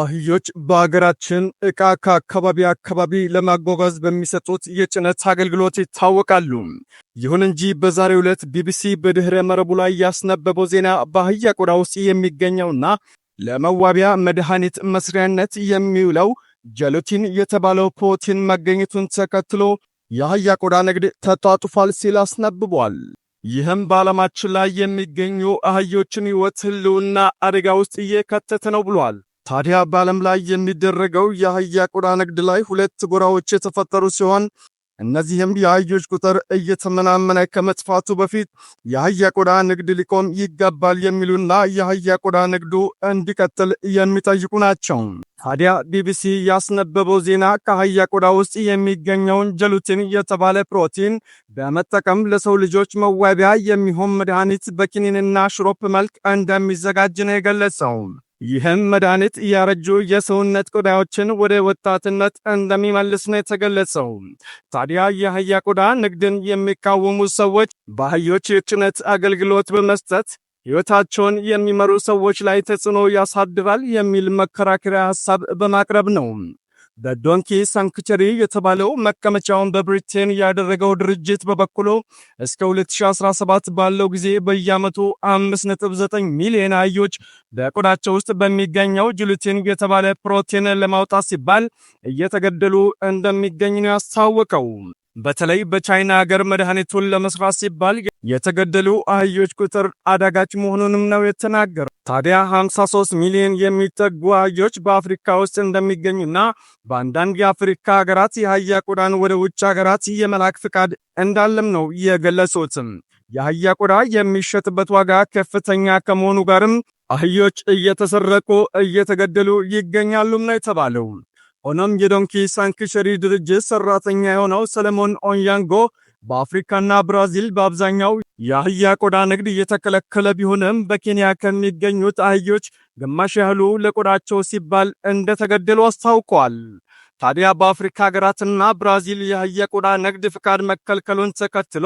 አህዮች በሀገራችን ዕቃ ከአካባቢ አካባቢ ለማጓጓዝ በሚሰጡት የጭነት አገልግሎት ይታወቃሉ። ይሁን እንጂ በዛሬው ዕለት ቢቢሲ በድኅረ መረቡ ላይ ያስነበበው ዜና በአህያ ቆዳ ውስጥ የሚገኘውና ለመዋቢያ መድኃኒት መስሪያነት የሚውለው ጀሎቲን የተባለው ፕሮቲን መገኘቱን ተከትሎ የአህያ ቆዳ ንግድ ተጧጡፋል ሲል አስነብቧል። ይህም በዓለማችን ላይ የሚገኙ አህዮችን ሕይወት ህልውና አደጋ ውስጥ እየከተተ ነው ብሏል። ታዲያ በዓለም ላይ የሚደረገው የአህያ ቆዳ ንግድ ላይ ሁለት ጎራዎች የተፈጠሩ ሲሆን እነዚህም የአህዮች ቁጥር እየተመናመነ ከመጥፋቱ በፊት የአህያ ቆዳ ንግድ ሊቆም ይገባል የሚሉና የአህያ ቆዳ ንግዱ እንዲቀጥል የሚጠይቁ ናቸው። ታዲያ ቢቢሲ ያስነበበው ዜና ከአህያ ቆዳ ውስጥ የሚገኘውን ጀሉቲን የተባለ ፕሮቲን በመጠቀም ለሰው ልጆች መዋቢያ የሚሆን መድኃኒት በኪኒንና ሽሮፕ መልክ እንደሚዘጋጅ ነው የገለጸው። ይህም መድኃኒት እያረጁ የሰውነት ቆዳዎችን ወደ ወጣትነት እንደሚመልስ ነው የተገለጸው። ታዲያ የአህያ ቆዳ ንግድን የሚቃወሙ ሰዎች በአህዮች የጭነት አገልግሎት በመስጠት ሕይወታቸውን የሚመሩ ሰዎች ላይ ተጽዕኖ ያሳድራል የሚል መከራከሪያ ሐሳብ በማቅረብ ነው። በዶንኪ ሳንክቸሪ የተባለው መቀመጫውን በብሪቴን ያደረገው ድርጅት በበኩሉ እስከ 2017 ባለው ጊዜ በየዓመቱ 5.9 ሚሊዮን አህዮች በቆዳቸው ውስጥ በሚገኘው ጅሉቲን የተባለ ፕሮቲን ለማውጣት ሲባል እየተገደሉ እንደሚገኝ ነው ያስታወቀው። በተለይ በቻይና ሀገር መድኃኒቱን ለመስራት ሲባል የተገደሉ አህዮች ቁጥር አዳጋች መሆኑንም ነው የተናገረው። ታዲያ 53 ሚሊዮን የሚጠጉ አህዮች በአፍሪካ ውስጥ እንደሚገኙና በአንዳንድ የአፍሪካ ሀገራት የአህያ ቆዳን ወደ ውጭ ሀገራት የመላክ ፍቃድ እንዳለም ነው የገለጹትም። የአህያ ቆዳ የሚሸጥበት ዋጋ ከፍተኛ ከመሆኑ ጋርም አህዮች እየተሰረቁ እየተገደሉ ይገኛሉም ነው የተባለው። ሆኖም የዶንኪ ሳንክቸሪ ድርጅት ሰራተኛ የሆነው ሰለሞን ኦንያንጎ በአፍሪካና ብራዚል በአብዛኛው የአህያ ቆዳ ንግድ እየተከለከለ ቢሆንም በኬንያ ከሚገኙት አህዮች ግማሽ ያህሉ ለቆዳቸው ሲባል እንደተገደሉ አስታውቋል። ታዲያ በአፍሪካ ሀገራትና ብራዚል የአህያ ቆዳ ንግድ ፍቃድ መከልከሉን ተከትሎ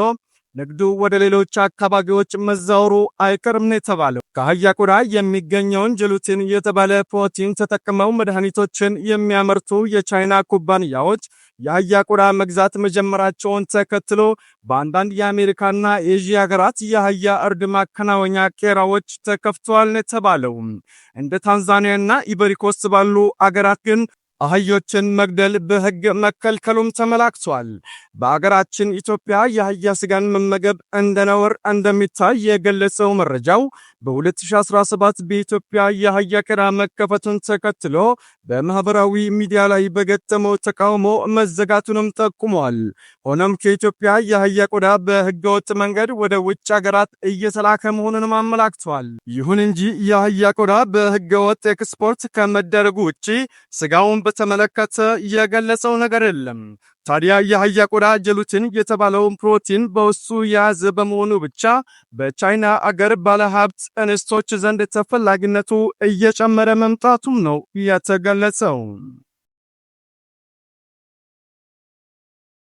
ንግዱ ወደ ሌሎች አካባቢዎች መዛወሩ አይቀርም ነው የተባለው። ከአህያ ቆዳ የሚገኘውን ጅሉቲን የተባለ ፕሮቲን ተጠቅመው መድኃኒቶችን የሚያመርቱ የቻይና ኩባንያዎች የአህያ ቆዳ መግዛት መጀመራቸውን ተከትሎ በአንዳንድ የአሜሪካና የኤዥያ ሀገራት የአህያ እርድ ማከናወኛ ቄራዎች ተከፍተዋል ነው የተባለው። እንደ ታንዛኒያና ኢበሪኮስት ባሉ አገራት ግን አህዮችን መግደል በሕግ መከልከሉም ተመላክቷል። በአገራችን ኢትዮጵያ የአህያ ስጋን መመገብ እንደ ነውር እንደሚታይ የገለጸው መረጃው በ2017 በኢትዮጵያ የአህያ ቀና መከፈቱን ተከትሎ በማኅበራዊ ሚዲያ ላይ በገጠመው ተቃውሞ መዘጋቱንም ጠቁሟል። ሆኖም ከኢትዮጵያ የአህያ ቆዳ በሕገወጥ መንገድ ወደ ውጭ አገራት እየተላከ መሆኑንም አመላክቷል። ይሁን እንጂ የአህያ ቆዳ በሕገወጥ ኤክስፖርት ከመደረጉ ውጭ ስጋውን በተመለከተ የገለጸው ነገር የለም። ታዲያ የአህያ ቆዳ ጀሉቲን የተባለውን ፕሮቲን በውስጡ የያዘ በመሆኑ ብቻ በቻይና አገር ባለሀብት እንስቶች ዘንድ ተፈላጊነቱ እየጨመረ መምጣቱም ነው የተገለጸው።